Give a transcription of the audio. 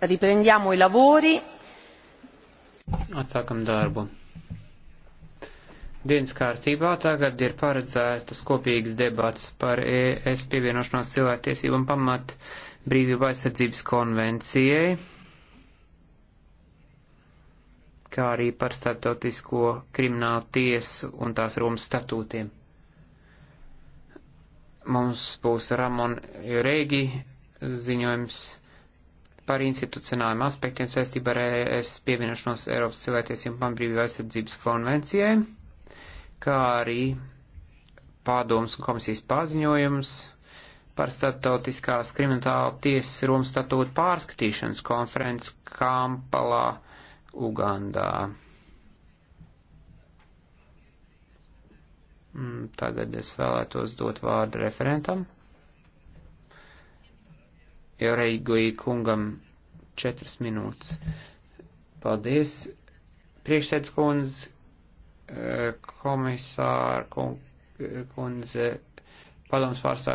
Riprendiamo i lavori. Atsākam darbu. Dienas kārtībā tagad ir paredzētas kopīgas debats par ES pievienošanos cilvēktiesībām pamat brīvību aizsardzības konvencijai, kā arī par starptautisko kriminālu tiesu un tās Romas statūtiem. Mums būs Ramon Rēgi ziņojums par institucionāliem aspektiem saistībā ar ES pievienošanos Eiropas cilvēktiesību pamatbrīvību aizsardzības konvencijai, kā arī pārdomas un komisijas paziņojums par starptautiskās krimināla tiesas Romas statūtu pārskatīšanas konferences Kampalā, Ugandā. Mm, tagad es vēlētos dot vārdu referentam. Joreigui kungam četras minūtes. Paldies, priekšsēdz kundze, eh, komisāra kundze, padoms pārstāvja.